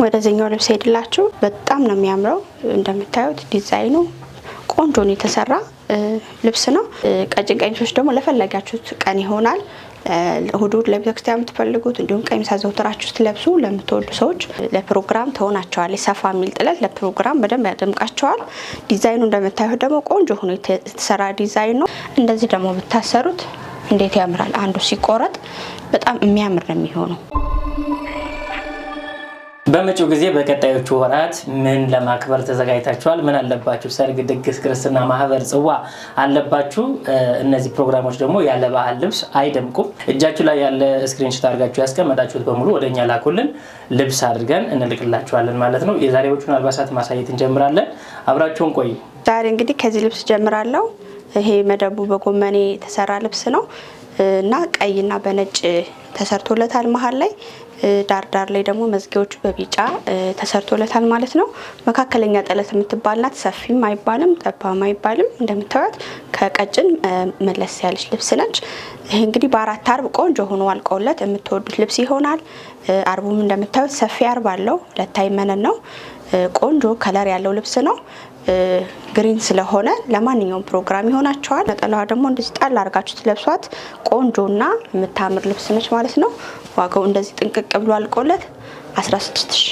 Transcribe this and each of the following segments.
ወደዚህኛው ልብስ ሄድላችሁ። በጣም ነው የሚያምረው። እንደምታዩት ዲዛይኑ ቆንጆ ነው የተሰራ ልብስ ነው። ቀጭን ቀሚሶች ደግሞ ለፈለጋችሁት ቀን ይሆናል። እሁድ እሁድ ለቤተክርስቲያን የምትፈልጉት እንዲሁም ቀሚስ አዘውትራችሁ ስትለብሱ ለምትወዱ ሰዎች ለፕሮግራም ትሆናቸዋል። የሰፋ የሚል ጥለት ለፕሮግራም በደንብ ያደምቃቸዋል። ዲዛይኑ እንደምታዩት ደግሞ ቆንጆ ሆኖ የተሰራ ዲዛይን ነው። እንደዚህ ደግሞ ብታሰሩት እንዴት ያምራል! አንዱ ሲቆረጥ በጣም የሚያምር ነው የሚሆነው በመጪው ጊዜ በቀጣዮቹ ወራት ምን ለማክበር ተዘጋጅታችኋል? ምን አለባችሁ? ሰርግ፣ ድግስ፣ ክርስትና፣ ማህበር፣ ጽዋ አለባችሁ። እነዚህ ፕሮግራሞች ደግሞ ያለ ባህል ልብስ አይደምቁም። እጃችሁ ላይ ያለ ስክሪንሽት አድርጋችሁ ያስቀመጣችሁት በሙሉ ወደ እኛ ላኩልን፣ ልብስ አድርገን እንልቅላችኋለን ማለት ነው። የዛሬዎቹን አልባሳት ማሳየት እንጀምራለን። አብራችሁን ቆይ። ዛሬ እንግዲህ ከዚህ ልብስ ጀምራለሁ። ይሄ መደቡ በጎመኔ የተሰራ ልብስ ነው። እና ቀይና በነጭ ተሰርቶለታል መሀል ላይ ዳር ዳር ላይ ደግሞ መዝጊያዎቹ በቢጫ ተሰርቶለታል ማለት ነው። መካከለኛ ጥለት የምትባል ናት። ሰፊም አይባልም ጠባም አይባልም። እንደምታዩት ከቀጭን መለስ ያለች ልብስ ነች። ይህ እንግዲህ በአራት አርብ ቆንጆ ሆኖ አልቆለት የምትወዱት ልብስ ይሆናል። አርቡም እንደምታዩት ሰፊ አርብ አለው። ሁለት አይመነን ነው። ቆንጆ ከለር ያለው ልብስ ነው። ግሪን ስለሆነ ለማንኛውም ፕሮግራም ይሆናቸዋል። ነጠላዋ ደግሞ እንደዚህ ጣል አድርጋችሁ ትለብሷት ቆንጆና የምታምር ልብስ ነች ማለት ነው። ዋጋው እንደዚህ ጥንቅቅ ብሎ አልቆለት 16 ሺ።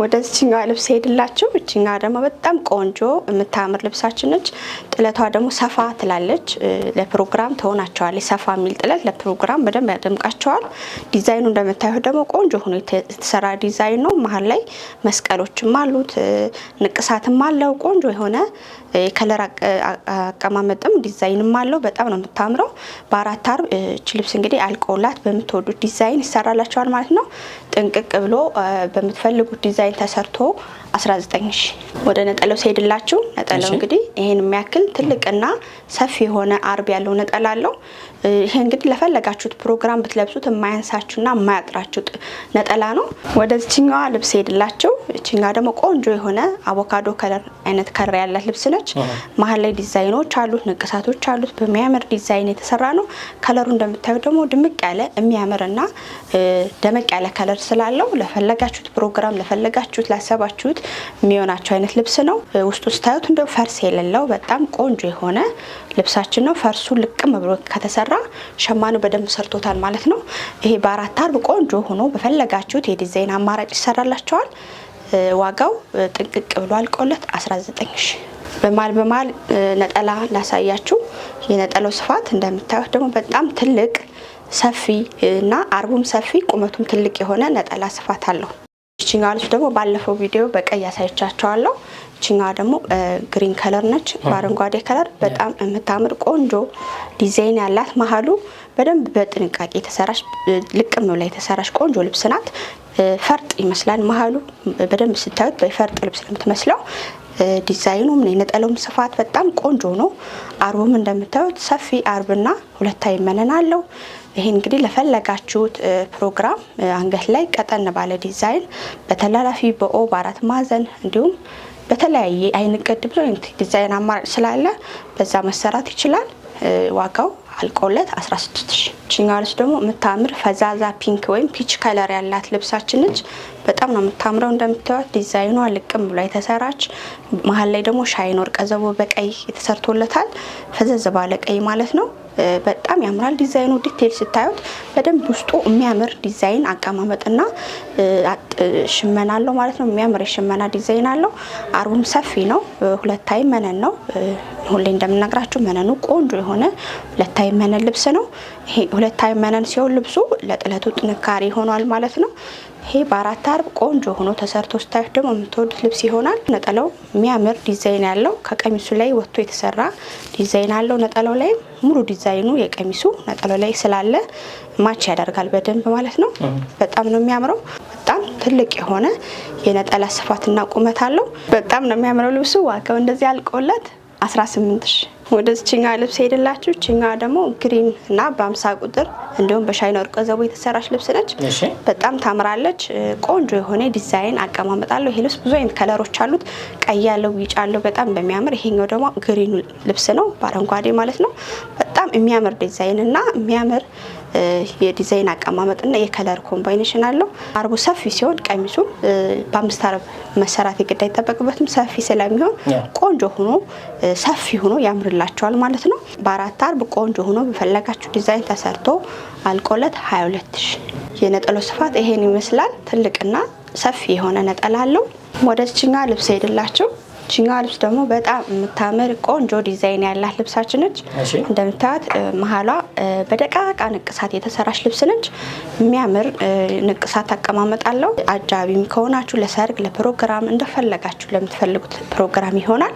ወደዚችኛዋ ልብስ ሄድላችሁ። እችኛ ደግሞ በጣም ቆንጆ የምታምር ልብሳችን ነች። ጥለቷ ደግሞ ሰፋ ትላለች። ለፕሮግራም ትሆናቸዋለች። ሰፋ የሚል ጥለት ለፕሮግራም በደንብ ያደምቃቸዋል። ዲዛይኑ እንደምታዩት ደግሞ ቆንጆ ሆኖ የተሰራ ዲዛይን ነው። መሀል ላይ መስቀሎችም አሉት፣ ንቅሳትም አለው። ቆንጆ የሆነ የከለር አቀማመጥም ዲዛይንም አለው። በጣም ነው የምታምረው። በአራት አርብ እች ልብስ እንግዲህ አልቆላት በምትወዱት ዲዛይን ይሰራላቸዋል ማለት ነው። ጥንቅቅ ብሎ በምትፈልጉት ዲዛይን ተሰርቶ 19 ሺ። ወደ ነጠለው ሲሄድላችሁ ነጠለው እንግዲህ ይሄን የሚያክል ትልቅና ሰፊ የሆነ አርብ ያለው ነጠላ አለው። ይሄ እንግዲህ ለፈለጋችሁት ፕሮግራም ብትለብሱት የማያንሳችሁና የማያጥራችሁ ነጠላ ነው። ወደዚችኛዋ ልብስ ሄድላችሁ። እችኛ ደግሞ ቆንጆ የሆነ አቮካዶ ከለር አይነት ከለር ያላት ልብስ ነች። መሀል ላይ ዲዛይኖች አሉት፣ ንቅሳቶች አሉት። በሚያምር ዲዛይን የተሰራ ነው። ከለሩ እንደምታዩ ደግሞ ድምቅ ያለ የሚያምርና ደመቅ ያለ ከለር ስላለው ለፈለጋችሁት ፕሮግራም ለፈለጋችሁት ላሰባችሁት የሚሆናቸው አይነት ልብስ ነው። ውስጡ ስታዩት እንደ ፈርስ የሌለው በጣም ቆንጆ የሆነ ልብሳችን ነው። ፈርሱ ልቅም ብሎ ከተሰራ ስራ ሸማኑ በደንብ ሰርቶታል ማለት ነው። ይሄ በአራት አርብ ቆንጆ ሆኖ በፈለጋችሁት የዲዛይን አማራጭ ይሰራላቸዋል። ዋጋው ጥንቅቅ ብሎ አልቆለት 19 ሺ። በማል በማል ነጠላ ላሳያችሁ። የነጠላው ስፋት እንደምታዩት ደግሞ በጣም ትልቅ ሰፊ እና አርቡም ሰፊ ቁመቱም ትልቅ የሆነ ነጠላ ስፋት አለው። ይችኛዋለች ደግሞ ባለፈው ቪዲዮ በቀይ ያሳይቻቸዋለሁ። እችኛ ደግሞ ግሪን ከለር ነች፣ በአረንጓዴ ከለር በጣም የምታምር ቆንጆ ዲዛይን ያላት መሀሉ በደንብ በጥንቃቄ የተሰራች ልቅም ብላ የተሰራች ቆንጆ ልብስ ናት። ፈርጥ ይመስላል መሀሉ በደንብ ስታዩት በፈርጥ ልብስ ነው የምትመስለው። ዲዛይኑም የነጠለውም ስፋት በጣም ቆንጆ ነው። አርቡም እንደምታዩት ሰፊ አርብና ሁለታዊ መነን አለው። ይሄ እንግዲህ ለፈለጋችሁት ፕሮግራም አንገት ላይ ቀጠን ባለ ዲዛይን በተላላፊ በኦ በአራት ማዕዘን እንዲሁም በተለያየ አይነት ገድ ብሎ ዲዛይን አማራጭ ስላለ በዛ መሰራት ይችላል። ዋጋው አልቆለት 16 ሺህ። ልብስ ደግሞ የምታምር ፈዛዛ ፒንክ ወይም ፒች ከለር ያላት ልብሳችን ነች። በጣም ነው የምታምረው። እንደምታዩት ዲዛይኗ ልቅም ብሎ የተሰራች መሀል ላይ ደግሞ ወርቀ ዘቦ በቀይ የተሰርቶለታል። ፈዘዝ ባለ ቀይ ማለት ነው። በጣም ያምራል ዲዛይኑ። ዲቴል ስታዩት በደንብ ውስጡ የሚያምር ዲዛይን አቀማመጥና ሽመና አለው ማለት ነው። የሚያምር የሽመና ዲዛይን አለው። አርቡም ሰፊ ነው። ሁለታይ መነን ነው። ሁሌ እንደምነግራችሁ መነኑ ቆንጆ የሆነ ሁለታይ መነን ልብስ ነው። ይሄ ሁለታይ መነን ሲሆን ልብሱ ለጥለቱ ጥንካሬ ይሆኗል ማለት ነው። ይሄ በአራት አርብ ቆንጆ ሆኖ ተሰርቶ ስታዩት ደግሞ የምትወዱት ልብስ ይሆናል። ነጠላው የሚያምር ዲዛይን ያለው ከቀሚሱ ላይ ወጥቶ የተሰራ ዲዛይን አለው። ነጠላው ላይ ሙሉ ዲዛይኑ የቀሚሱ ነጠላው ላይ ስላለ ማች ያደርጋል በደንብ ማለት ነው። በጣም ነው የሚያምረው። በጣም ትልቅ የሆነ የነጠላ ስፋትና ቁመት አለው። በጣም ነው የሚያምረው ልብሱ። ዋጋው እንደዚህ አልቆለት 18 ሺ ወደ ልብስ ሄድላችሁ። ችኛ ደግሞ ግሪን እና በአምሳ ቁጥር እንዲሁም በሻይና ወርቀ ዘቦ የተሰራች ልብስ ነች። በጣም ታምራለች። ቆንጆ የሆነ ዲዛይን አቀማመጣለሁ። ይሄ ልብስ ብዙ አይነት ከለሮች አሉት። ቀይ ያለው፣ ቢጫ አለው፣ በጣም በሚያምር ይሄኛው ደግሞ ግሪን ልብስ ነው፣ በአረንጓዴ ማለት ነው። በጣም የሚያምር ዲዛይን እና የሚያምር የዲዛይን አቀማመጥና የከለር ኮምባይኔሽን አለው። አርቡ ሰፊ ሲሆን ቀሚሱ በአምስት አርብ መሰራት የግድ አይጠበቅበትም። ሰፊ ስለሚሆን ቆንጆ ሆኖ ሰፊ ሆኖ ያምርላቸዋል ማለት ነው። በአራት አርብ ቆንጆ ሆኖ በፈለጋችሁ ዲዛይን ተሰርቶ አልቆለት 22 ሺ። የነጠሎ ስፋት ይሄን ይመስላል። ትልቅና ሰፊ የሆነ ነጠላ አለው። ወደችኛ ልብስ ሄድላችሁ ችኛዋ ልብስ ደግሞ በጣም የምታምር ቆንጆ ዲዛይን ያላት ልብሳችን ነች። እንደምታያት መሀሏ በደቃቃ ንቅሳት የተሰራች ልብስ ነች። የሚያምር ንቅሳት አቀማመጥ አለው። አጃቢም ከሆናችሁ ለሰርግ፣ ለፕሮግራም እንደፈለጋችሁ ለምትፈልጉት ፕሮግራም ይሆናል።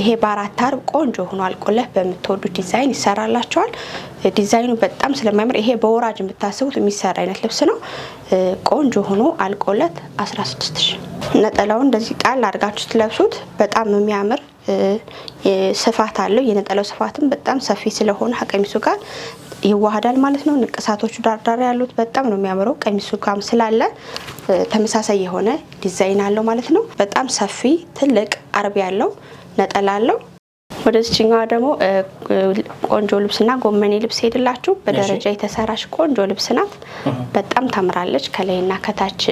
ይሄ በአራት አርብ ቆንጆ ሆኗል። ቆለፍ በምትወዱት ዲዛይን ይሰራላቸዋል። ዲዛይኑ በጣም ስለሚያምር ይሄ በወራጅ የምታስቡት የሚሰራ አይነት ልብስ ነው። ቆንጆ ሆኖ አልቆለት 16 ሺ ነጠላውን እንደዚህ ቃል አድርጋችሁ ለብሱት በጣም የሚያምር ስፋት አለው። የነጠላው ስፋትም በጣም ሰፊ ስለሆነ ከቀሚሱ ጋር ይዋሃዳል ማለት ነው። ንቅሳቶቹ ዳርዳር ያሉት በጣም ነው የሚያምረው። ቀሚሱ ጋም ስላለ ተመሳሳይ የሆነ ዲዛይን አለው ማለት ነው። በጣም ሰፊ ትልቅ አርብ ያለው ነጠላ አለው። ወደዚችኛዋ ደግሞ ቆንጆ ልብስና ጎመኔ ልብስ ሄድላችሁ። በደረጃ የተሰራች ቆንጆ ልብስ ናት። በጣም ታምራለች። ከላይና ከታች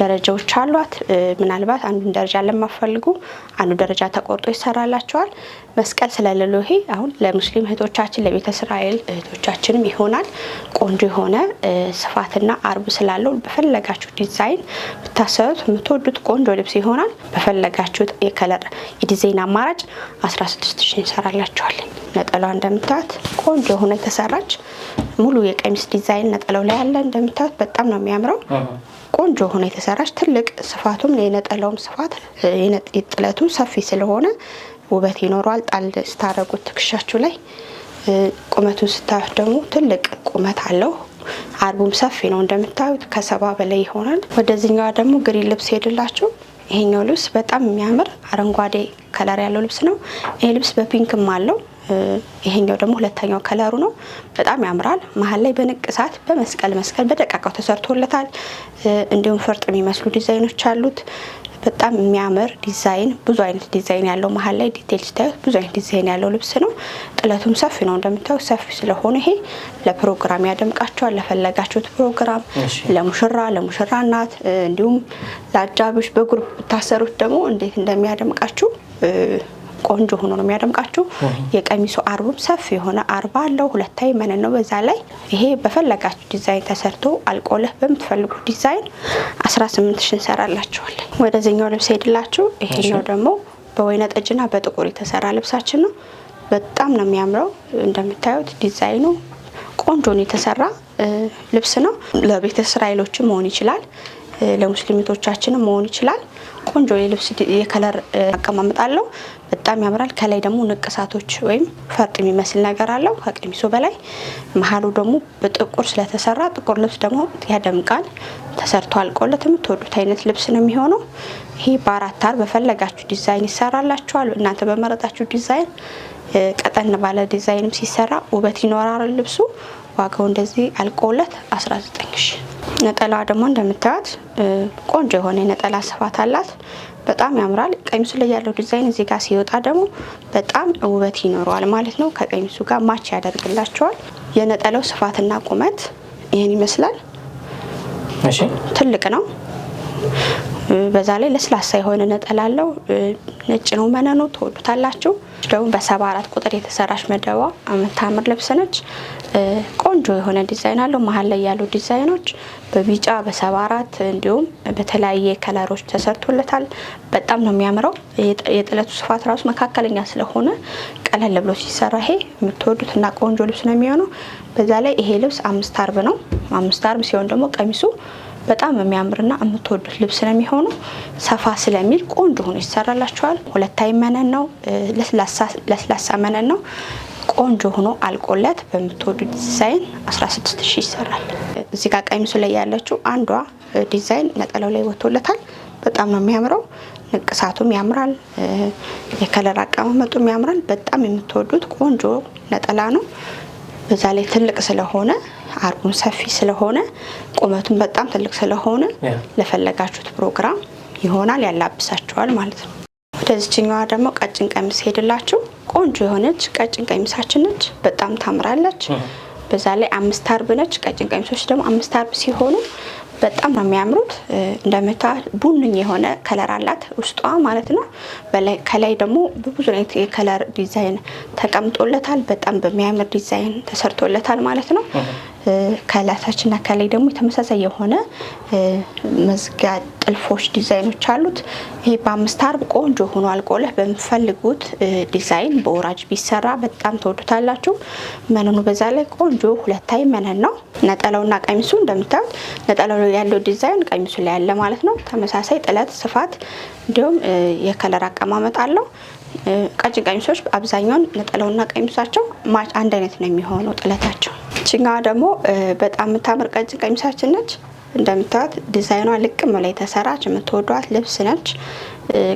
ደረጃዎች አሏት። ምናልባት አንዱን ደረጃ ለማፈልጉ አንዱ ደረጃ ተቆርጦ ይሰራላቸዋል። መስቀል ስለሌለው ይሄ አሁን ለሙስሊም እህቶቻችን ለቤተ እስራኤል እህቶቻችንም ይሆናል። ቆንጆ የሆነ ስፋትና አርብ ስላለው በፈለጋችሁ ዲዛይን ብታሰሩት የምትወዱት ቆንጆ ልብስ ይሆናል። በፈለጋችሁት የከለር የዲዛይን አማራጭ 16 ሺህ እንሰራላችኋለን። ነጠላዋ እንደምታዩት ቆንጆ የሆነ የተሰራች ሙሉ የቀሚስ ዲዛይን ነጠላው ላይ ያለ እንደምታዩት በጣም ነው የሚያምረው። ቆንጆ ሆኖ የተሰራች ትልቅ ስፋቱም የነጠላውም ስፋት ጥለቱም ሰፊ ስለሆነ ውበት ይኖረዋል። ጣል ስታረጉት ትከሻችሁ ላይ ቁመቱን ስታዩት ደግሞ ትልቅ ቁመት አለው። አርቡም ሰፊ ነው እንደምታዩት ከሰባ በላይ ይሆናል። ወደዚህኛዋ ደግሞ ግሪን ልብስ ሄድላችሁ። ይሄኛው ልብስ በጣም የሚያምር አረንጓዴ ከለር ያለው ልብስ ነው። ይሄ ልብስ በፒንክም አለው ይሄኛው ደግሞ ሁለተኛው ከለሩ ነው። በጣም ያምራል። መሀል ላይ በንቅሳት በመስቀል መስቀል በደቃቃው ተሰርቶለታል። እንዲሁም ፈርጥ የሚመስሉ ዲዛይኖች አሉት። በጣም የሚያምር ዲዛይን ብዙ አይነት ዲዛይን ያለው መሀል ላይ ዲቴል ሲታዩት ብዙ አይነት ዲዛይን ያለው ልብስ ነው። ጥለቱም ሰፊ ነው እንደምታዩት ሰፊ ስለሆነ ይሄ ለፕሮግራም ያደምቃቸዋል። ለፈለጋችሁት ፕሮግራም፣ ለሙሽራ ለሙሽራ እናት እንዲሁም ለአጃቢዎች በግሩፕ ብታሰሩት ደግሞ እንዴት እንደሚያደምቃችሁ ቆንጆ ሆኖ ነው የሚያደምቃችሁ። የቀሚሱ አርብም ሰፊ የሆነ አርባ አለው። ሁለታዊ መነን ነው በዛ ላይ ይሄ በፈለጋችሁ ዲዛይን ተሰርቶ አልቆለህ በምትፈልጉ ዲዛይን 18 ሺ እንሰራላችኋለን። ወደዚኛው ልብስ ሄድላችሁ። ይሄኛው ደግሞ በወይነ ጠጅና በጥቁር የተሰራ ልብሳችን ነው። በጣም ነው የሚያምረው። እንደምታዩት ዲዛይኑ ቆንጆን የተሰራ ልብስ ነው። ለቤተ እስራኤሎች መሆን ይችላል፣ ለሙስሊሚቶቻችንም መሆን ይችላል። ቆንጆ የልብስ የከለር አቀማመጥ አለው። በጣም ያምራል። ከላይ ደግሞ ንቅሳቶች ወይም ፈርጥ የሚመስል ነገር አለው ከቀሚሱ በላይ። መሀሉ ደግሞ በጥቁር ስለተሰራ ጥቁር ልብስ ደግሞ ያደምቃል። ተሰርቶ አልቆለት የምትወዱት አይነት ልብስ ነው የሚሆነው። ይሄ በአራት አር በፈለጋችሁ ዲዛይን ይሰራላችኋል። እናንተ በመረጣችሁ ዲዛይን፣ ቀጠን ባለ ዲዛይንም ሲሰራ ውበት ይኖራል ልብሱ። ዋጋው እንደዚህ አልቆለት 19 ሺ። ነጠላዋ ደግሞ እንደምታዩት ቆንጆ የሆነ የነጠላ ስፋት አላት። በጣም ያምራል። ቀሚሱ ላይ ያለው ዲዛይን እዚህ ጋር ሲወጣ ደግሞ በጣም ውበት ይኖረዋል ማለት ነው። ከቀሚሱ ጋር ማች ያደርግላቸዋል። የነጠላው ስፋትና ቁመት ይህን ይመስላል። ትልቅ ነው። በዛ ላይ ለስላሳ የሆነ ነጠላ አለው። ነጭ ነው መነኑ። ትወዱታላችሁ። ደግሞ በሰባ አራት ቁጥር የተሰራች መደቧ የምታምር ልብስ ነች። ቆንጆ የሆነ ዲዛይን አለው። መሀል ላይ ያሉ ዲዛይኖች በቢጫ በሰባ አራት እንዲሁም በተለያየ ከለሮች ተሰርቶለታል። በጣም ነው የሚያምረው። የጥለቱ ስፋት ራሱ መካከለኛ ስለሆነ ቀለል ብሎ ሲሰራ ይሄ የምትወዱት እና ቆንጆ ልብስ ነው የሚሆነው። በዛ ላይ ይሄ ልብስ አምስት አርብ ነው። አምስት አርብ ሲሆን ደግሞ ቀሚሱ በጣም የሚያምርና የምትወዱት ልብስ ነው የሚሆነው። ሰፋ ስለሚል ቆንጆ ሆኖ ይሰራላችኋል። ሁለታይ መነን ነው፣ ለስላሳ መነን ነው። ቆንጆ ሆኖ አልቆለት በምትወዱት ዲዛይን 16 ሺህ ይሰራል። እዚህ ጋር ቀሚሱ ላይ ያለችው አንዷ ዲዛይን ነጠላው ላይ ወጥቶለታል። በጣም ነው የሚያምረው። ንቅሳቱም ያምራል፣ የከለር አቀማመጡም ያምራል። በጣም የምትወዱት ቆንጆ ነጠላ ነው። በዛ ላይ ትልቅ ስለሆነ አርቡም ሰፊ ስለሆነ ቁመቱን በጣም ትልቅ ስለሆነ ለፈለጋችሁት ፕሮግራም ይሆናል፣ ያላብሳችኋል ማለት ነው። ወደዚችኛዋ ደግሞ ቀጭን ቀሚስ ሄድላችሁ። ቆንጆ የሆነች ቀጭን ቀሚሳችን ነች። በጣም ታምራለች። በዛ ላይ አምስት አርብ ነች። ቀጭን ቀሚሶች ደግሞ አምስት አርብ ሲሆኑ በጣም ነው የሚያምሩት። እንደምታ ቡንኝ የሆነ ከለር አላት ውስጧ ማለት ነው። ከላይ ደግሞ በብዙ አይነት የከለር ዲዛይን ተቀምጦለታል። በጣም በሚያምር ዲዛይን ተሰርቶለታል ማለት ነው። ከላታችንና ከላይ ደግሞ የተመሳሳይ የሆነ መዝጊያ ጥልፎች ዲዛይኖች አሉት። ይሄ በአምስት አርብ ቆንጆ ሆኖ አልቆለህ በምፈልጉት ዲዛይን በወራጅ ቢሰራ በጣም ተወዱታላችሁ። መነኑ በዛ ላይ ቆንጆ ሁለታይ መነን ነው። ነጠላውና ቀሚሱ እንደምታዩት ነጠላው ላይ ያለው ዲዛይን ቀሚሱ ላይ ያለ ማለት ነው። ተመሳሳይ ጥለት፣ ስፋት እንዲሁም የከለር አቀማመጥ አለው። ቀጭን ቀሚሶች አብዛኛውን ነጠላውና ቀሚሳቸው አንድ አይነት ነው የሚሆነው ጥለታቸው እችኛዋ ደግሞ በጣም የምታምር ቀጭን ቀሚሳችን ነች። እንደምታዩት ዲዛይኗ ልቅም ላይ የተሰራች የምትወዷት ልብስ ነች።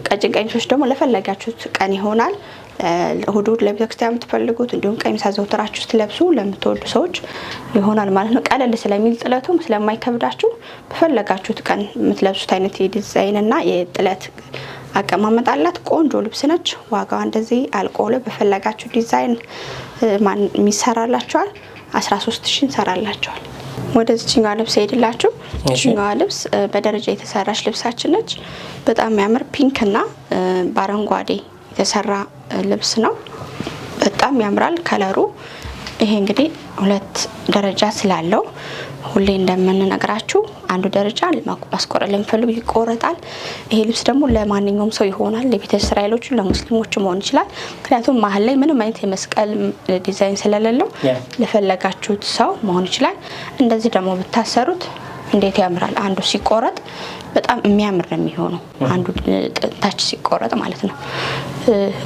ቀጭን ቀሚሶች ደግሞ ለፈለጋችሁት ቀን ይሆናል። እሁድ ለቤተክርስቲያን የምትፈልጉት እንዲሁም ቀሚስ ዘውትራችሁ ስትለብሱ ለምትወዱ ሰዎች ይሆናል ማለት ነው። ቀለል ስለሚል ጥለቱም ስለማይከብዳችሁ በፈለጋችሁት ቀን የምትለብሱት አይነት የዲዛይንና የጥለት አቀማመጥ አላት። ቆንጆ ልብስ ነች። ዋጋዋ እንደዚህ አልቆሎ በፈለጋችሁ ዲዛይን ማን የሚሰራላችኋል። 13 ሺ እንሰራላቸዋል። ወደ ልብስ ሄድላችሁ። ችኛዋ ልብስ በደረጃ የተሰራች ልብሳችን ነች። በጣም የሚያምር ፒንክ እና በአረንጓዴ የተሰራ ልብስ ነው። በጣም ያምራል ከለሩ። ይሄ እንግዲህ ሁለት ደረጃ ስላለው ሁሌ እንደምንነግራችሁ አንዱ ደረጃ ማስቆረ ለሚፈልጉ ይቆረጣል። ይሄ ልብስ ደግሞ ለማንኛውም ሰው ይሆናል። ለቤተ እስራኤሎቹ፣ ለሙስሊሞቹ መሆን ይችላል። ምክንያቱም መሀል ላይ ምንም አይነት የመስቀል ዲዛይን ስለሌለው ለፈለጋችሁት ሰው መሆን ይችላል። እንደዚህ ደግሞ ብታሰሩት እንዴት ያምራል! አንዱ ሲቆረጥ በጣም የሚያምር ነው የሚሆነው። አንዱ ታች ሲቆረጥ ማለት ነው።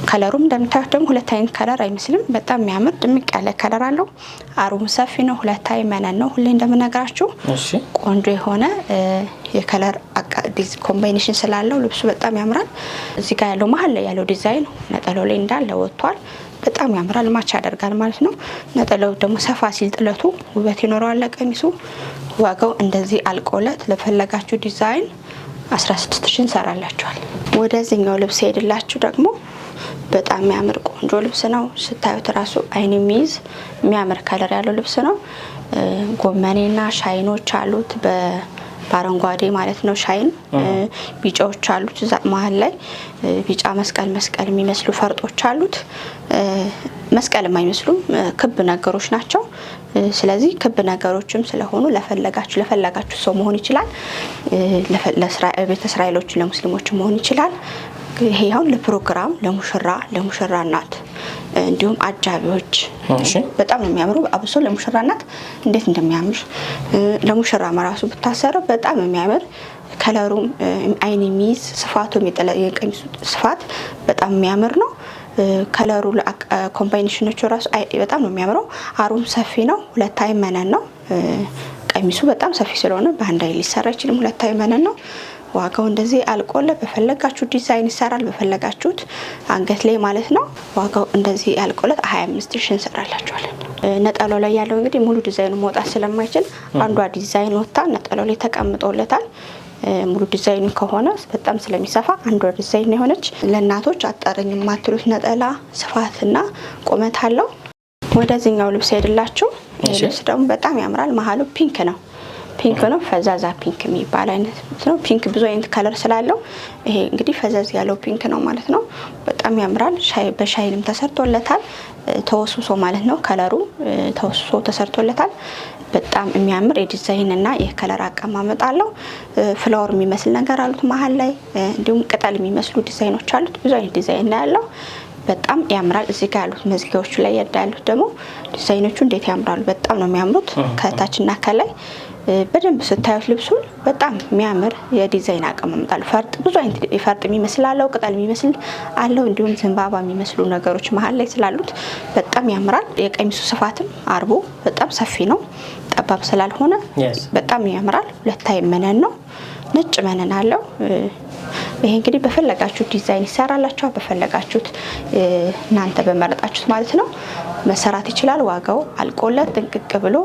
ከለሩም እንደምታዩት ደግሞ ሁለት አይነት ከለር አይመስልም። በጣም የሚያምር ድምቅ ያለ ከለር አለው። አሩም ሰፊ ነው። ሁለት አይ መነን ነው። ሁሌ እንደምነግራችሁ ቆንጆ የሆነ የከለር ኮምባይኔሽን ስላለው ልብሱ በጣም ያምራል። እዚህ ጋር ያለው መሀል ላይ ያለው ዲዛይን ነጠላው ላይ እንዳለ ወጥቷል። በጣም ያምራል። ማች ያደርጋል ማለት ነው። ነጠላው ደግሞ ሰፋ ሲል ጥለቱ ውበት ይኖረዋል። ቀሚሱ ዋጋው እንደዚህ አልቆለት ለፈለጋችሁ ዲዛይን 16 ሺ እንሰራላችኋል። ወደዚህኛው ልብስ ሄድላችሁ ደግሞ በጣም የሚያምር ቆንጆ ልብስ ነው። ስታዩት ራሱ አይን የሚይዝ የሚያምር ከለር ያለው ልብስ ነው። ጎመኔና ሻይኖች አሉት በአረንጓዴ ማለት ነው። ሻይን ቢጫዎች አሉት። መሀል ላይ ቢጫ መስቀል መስቀል የሚመስሉ ፈርጦች አሉት። መስቀልም አይመስሉም ክብ ነገሮች ናቸው። ስለዚህ ክብ ነገሮችም ስለሆኑ ለፈለጋችሁ ለፈለጋችሁ ሰው መሆን ይችላል። ለቤተ እስራኤሎች ለሙስሊሞች መሆን ይችላል። ይሄ አሁን ለፕሮግራም ለሙሽራ ለሙሽራ እናት እንዲሁም አጃቢዎች በጣም ነው የሚያምሩ። አብሶ ለሙሽራ እናት እንዴት እንደሚያምር ለሙሽራ መራሱ ብታሰረው በጣም የሚያምር ከለሩም አይን የሚይዝ ስፋቱ ስፋት በጣም የሚያምር ነው። ከለሩ ኮምባይኔሽኖቹ ራሱ በጣም ነው የሚያምረው። አሩም ሰፊ ነው፣ ሁለት አይ መነን ነው። ቀሚሱ በጣም ሰፊ ስለሆነ በአንድ አይ ሊሰራ አይችልም፣ ሁለት አይ መነን ነው። ዋጋው እንደዚህ አልቆለ በፈለጋችሁት ዲዛይን ይሰራል፣ በፈለጋችሁት አንገት ላይ ማለት ነው። ዋጋው እንደዚህ አልቆለት 25 ሽ እንሰራላችኋለን። ነጠላው ላይ ያለው እንግዲህ ሙሉ ዲዛይኑ መውጣት ስለማይችል አንዷ ዲዛይን ወጥታ ነጠላው ላይ ተቀምጦለታል። ሙሉ ዲዛይኑ ከሆነ በጣም ስለሚሰፋ አንዷ ዲዛይን የሆነች ለእናቶች አጠረኝ የማትሉት ነጠላ ስፋትና ቁመት አለው። ወደዚህኛው ልብስ ሄድላችሁ። ልብስ ደግሞ በጣም ያምራል። መሀሉ ፒንክ ነው ፒንክ ነው። ፈዛዛ ፒንክ የሚባል አይነት ነው። ፒንክ ብዙ አይነት ከለር ስላለው ይሄ እንግዲህ ፈዛዝ ያለው ፒንክ ነው ማለት ነው። በጣም ያምራል። በሻይንም ተሰርቶለታል ተወስሶ ማለት ነው። ከለሩ ተወስሶ ተሰርቶለታል። በጣም የሚያምር የዲዛይን እና የከለር አቀማመጥ አለው። ፍላወር የሚመስል ነገር አሉት መሀል ላይ እንዲሁም ቅጠል የሚመስሉ ዲዛይኖች አሉት። ብዙ አይነት ዲዛይን ነው ያለው። በጣም ያምራል። እዚህ ጋር ያሉት መዝጊያዎቹ ላይ ያሉት ደግሞ ዲዛይኖቹ እንዴት ያምራሉ! በጣም ነው የሚያምሩት ከታችና ከላይ በደንብ ስታዩት ልብሱን በጣም የሚያምር የዲዛይን አቀማምጣል። ፈርጥ ብዙ አይነት ፈርጥ የሚመስል አለው፣ ቅጠል የሚመስል አለው፣ እንዲሁም ዘንባባ የሚመስሉ ነገሮች መሀል ላይ ስላሉት በጣም ያምራል። የቀሚሱ ስፋትም አርቦ በጣም ሰፊ ነው፣ ጠባብ ስላልሆነ በጣም ያምራል። ሁለታይ መነን ነው፣ ነጭ መነን አለው። ይሄ እንግዲህ በፈለጋችሁት ዲዛይን ይሰራላችኋል። በፈለጋችሁት እናንተ በመረጣችሁት ማለት ነው መሰራት ይችላል። ዋጋው አልቆለት ጥንቅቅ ብሎ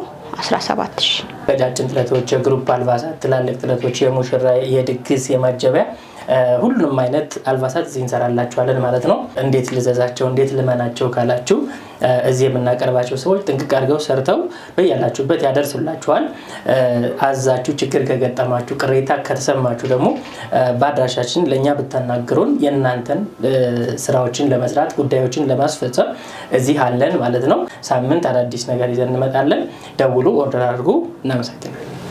17 ሺ። ቀጫጭን ጥለቶች፣ የግሩፕ አልባሳት፣ ትላልቅ ጥለቶች፣ የሙሽራ የድግስ የማጀቢያ ሁሉንም አይነት አልባሳት እዚህ እንሰራላችኋለን ማለት ነው። እንዴት ልዘዛቸው፣ እንዴት ልመናቸው ካላችሁ እዚህ የምናቀርባቸው ሰዎች ጥንቅቅ አድርገው ሰርተው በያላችሁበት ያደርሱላችኋል። አዛችሁ ችግር ከገጠማችሁ፣ ቅሬታ ከተሰማችሁ ደግሞ በአድራሻችን ለእኛ ብታናግሩን የእናንተን ስራዎችን ለመስራት ጉዳዮችን ለማስፈጸም እዚህ አለን ማለት ነው። ሳምንት አዳዲስ ነገር ይዘን እንመጣለን። ደውሉ፣ ኦርደር አድርጉ። እናመሰግናለን።